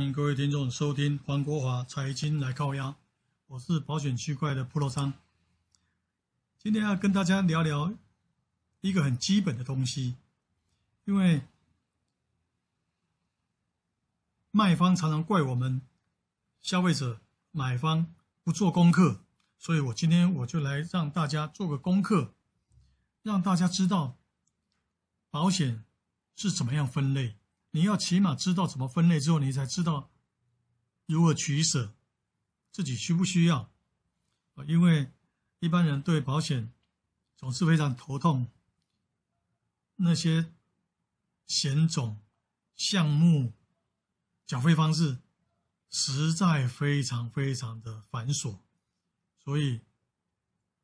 歡迎各位聽眾收聽黃國華財經來靠壓，我是保險區塊的 PRO Chang，今天要跟大家聊聊一個很基本的東西，因為賣方常常怪我們消費者買方不做功課，所以我今天我就來讓大家做個功課，讓大家知道保險是怎麼樣分類。你要起碼知道怎麼分類之後，你才知道如何取捨，自己需不需要啊？因為一般人對保險總是非常頭痛，那些險種、項目、繳費方式實在非常非常的繁瑣，所以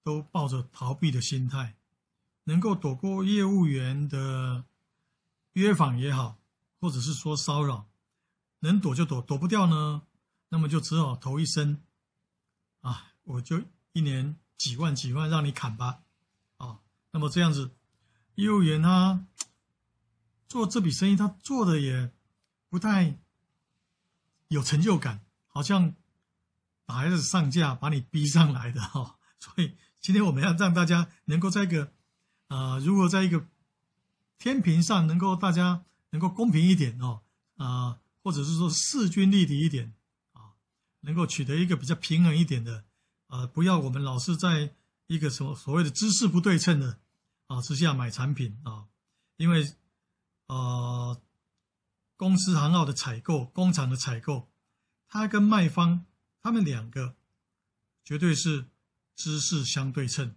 都抱着逃避的心態，能夠躲過業務員的約訪也好。或者是說騷擾，能躲就躲，躲不掉呢，那麼就只好投一身，啊，我就一年幾萬幾萬讓你砍吧，啊，那麼這樣子，業務員他做這筆生意，他做的也不太有成就感，好像把孩子上架，把你逼上來的哈、哦。所以今天我們要讓大家能夠在一個，啊、呃，如果在一個天平上能夠大家。能夠公平一點哦，啊，或者是說勢均力敵一點啊，能夠取得一個比較平衡一點的，啊，不要我們老是在一個什麼所謂的知識不對稱的啊之下買產品啊，因為，呃，公司行號的採購、工廠的採購，他跟賣方他們兩個絕對是知識相對稱，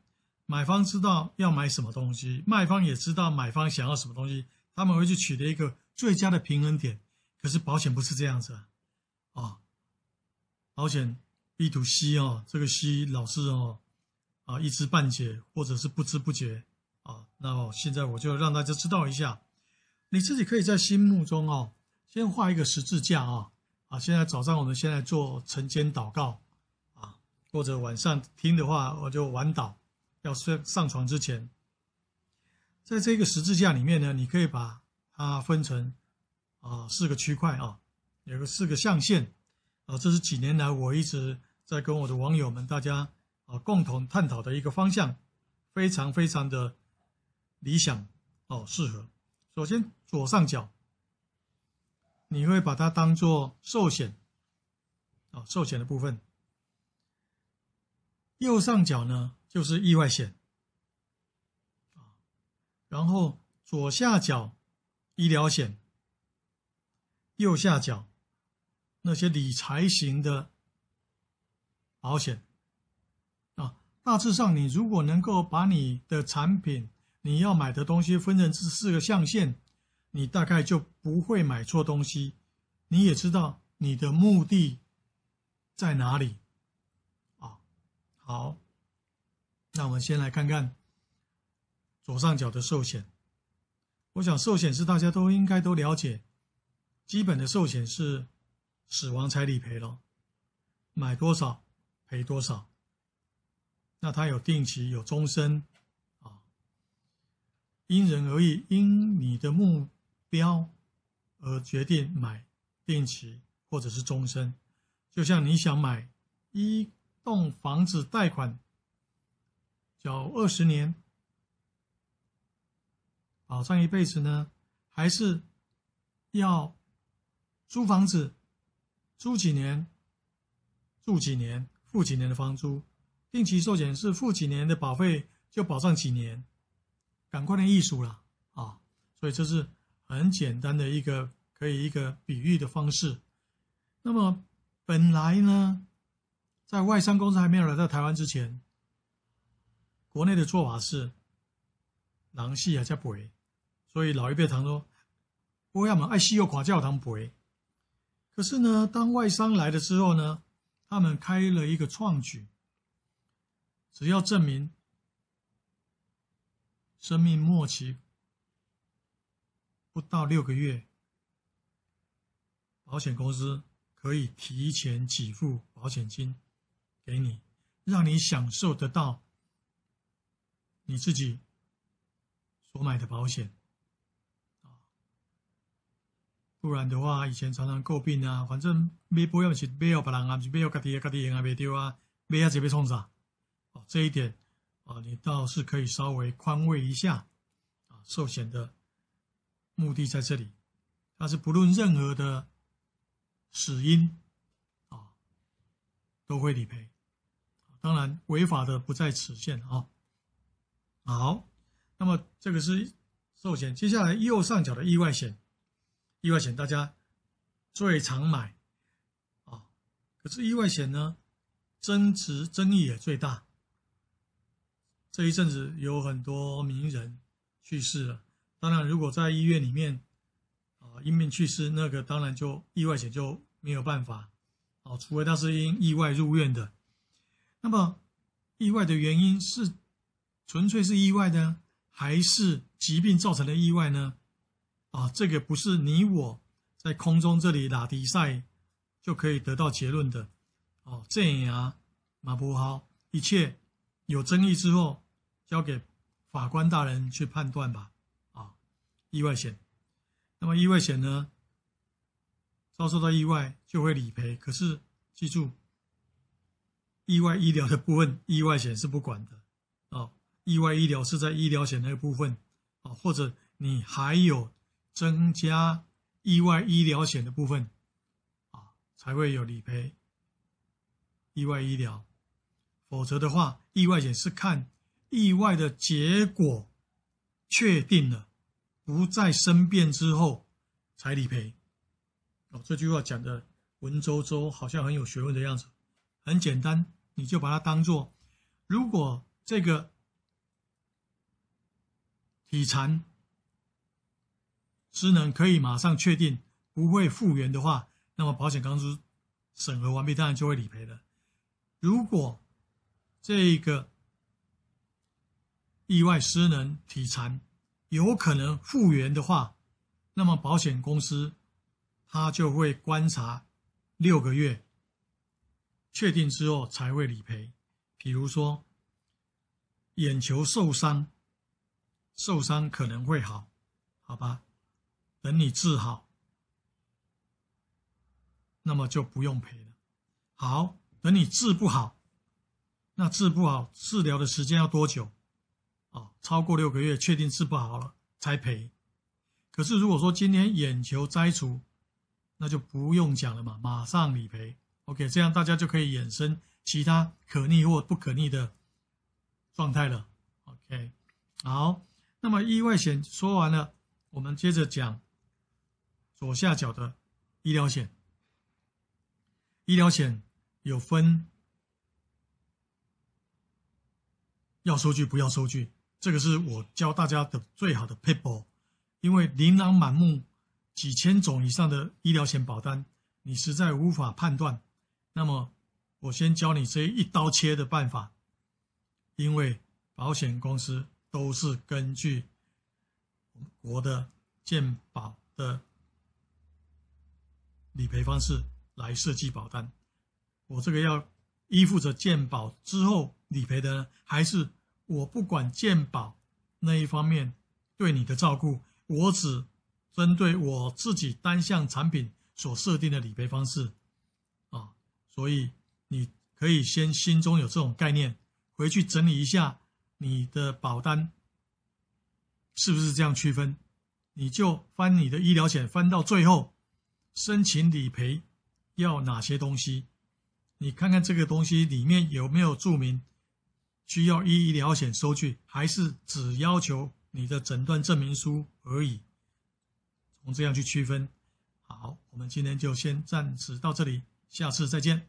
買方知道要買什麼東西，賣方也知道買方想要什麼東西。他們會去取得一個最佳的平衡點，可是保險不是這樣子啊！保險 B to C 哦，這個 C 老是哦，啊一知半解或者是不知不覺啊，那麼現在我就讓大家知道一下，你自己可以在心目中哦，先畫一個十字架啊啊！現在早上我們先來做晨間禱告啊，或者晚上聽的話，我就晚禱，要睡上床之前。在這個十字架裡面呢，你可以把它分成啊四個區塊啊，有個四個象限啊。這是幾年來我一直在跟我的網友們大家啊共同探討的一個方向，非常非常的理想哦，適合。首先左上角你會把它當做壽險啊，壽險的部分；右上角呢就是意外險。然後左下角醫療險，右下角那些理財型的保險啊，大致上你如果能夠把你的產品、你要買的東西分成這四個象限，你大概就不會買錯東西，你也知道你的目的在哪裡啊。好，那我們先來看看。左上角的壽險，我想壽險是大家都應該都了解。基本的壽險是死亡才理賠了，買多少賠多少。那它有定期，有終身，啊，因人而異，因你的目標而決定買定期或者是終身。就像你想買一棟房子貸款，繳20年。保障一輩子呢，還是要租房子，租幾年，住幾年，付幾年的房租。定期壽險是付幾年的保費，就保障幾年，趕快的藝術啦，啊！所以這是很簡單的一個可以一個比喻的方式。那麼本來呢，在外商公司還沒有來到台灣之前，國內的做法是狼系啊，叫鬼。所以老一輩常說：“不要麼愛惜又垮教堂賠。”可是呢，當外商來了之後呢，他們開了一個創舉：只要證明生命末期不到六個月，保險公司可以提前給付保險金給你，讓你享受得到你自己所買的保險。不然的話，以前常常詬病啊，反正買保險是買好別人啊，是買好家己啊，家己用啊別丟啊，買啊這邊衝啥？哦，這一點啊，你倒是可以稍微寬慰一下啊。壽險的目的在這裡，它是不論任何的死因啊，都會理賠。當然，違法的不在此限啊。好，那麼這個是壽險，接下來右上角的意外險。意外險大家最常買啊，可是意外險呢，爭執爭議也最大。這一陣子有很多名人去世了，當然如果在醫院裡面啊，因病去世，那個當然就意外險就沒有辦法啊，除非他是因意外入院的。那麼意外的原因是純粹是意外呢，還是疾病造成的意外呢？啊，這個不是你我在空中這裡打比賽就可以得到結論的。哦，鄭啊，馬波豪，一切有爭議之後，交給法官大人去判斷吧。啊，意外險，那麼意外險呢？遭受到意外就會理賠，可是記住，意外醫療的部分，意外險是不管的。哦，意外醫療是在醫療險那部分。哦，或者，你還有。增加意外醫療險的部分，啊，才會有理賠。意外醫療，否則的話，意外險是看意外的結果確定了，不再生變之後才理賠。哦，這句話講的文縐縐，好像很有學問的樣子。很簡單，你就把它當做，如果這個體殘。失能可以馬上確定不會復原的話，那麼保險公司審核完畢，當然就會理賠了。如果這個意外失能體殘有可能復原的話，那麼保險公司他就會觀察六個月，確定之後才會理賠。比如說眼球受傷，受傷可能會好，好吧？等你治好，那麼就不用賠了。好，等你治不好，那治不好治療的時間要多久啊？哦，超過六個月，確定治不好了才賠。可是如果說今天眼球摘除，那就不用講了嘛，馬上理賠。OK，這樣大家就可以衍生其他可逆或不可逆的狀態了。OK，好，那麼意外險說完了，我們接着講。左下角的醫療險，醫療險有分要收據不要收據，這個是我教大家的最好的 paper，因為琳琅滿目幾千種以上的醫療險保單，你實在無法判斷。那麼我先教你這一刀切的辦法，因為保險公司都是根據我國的健保的，理賠方式來設計保單，我這個要依附着健保之後理賠的呢，還是我不管健保那一方面對你的照顧，我只針對我自己單項產品所設定的理賠方式啊。所以你可以先心中有這種概念，回去整理一下你的保單是不是這樣區分？你就翻你的醫療險，翻到最後。申請理賠要哪些東西？你看看這個東西裡面有沒有註明需要醫醫療險收據，還是只要求你的診斷證明書而已？從這樣去區分。好，我們今天就先暫時到這裡，下次再見。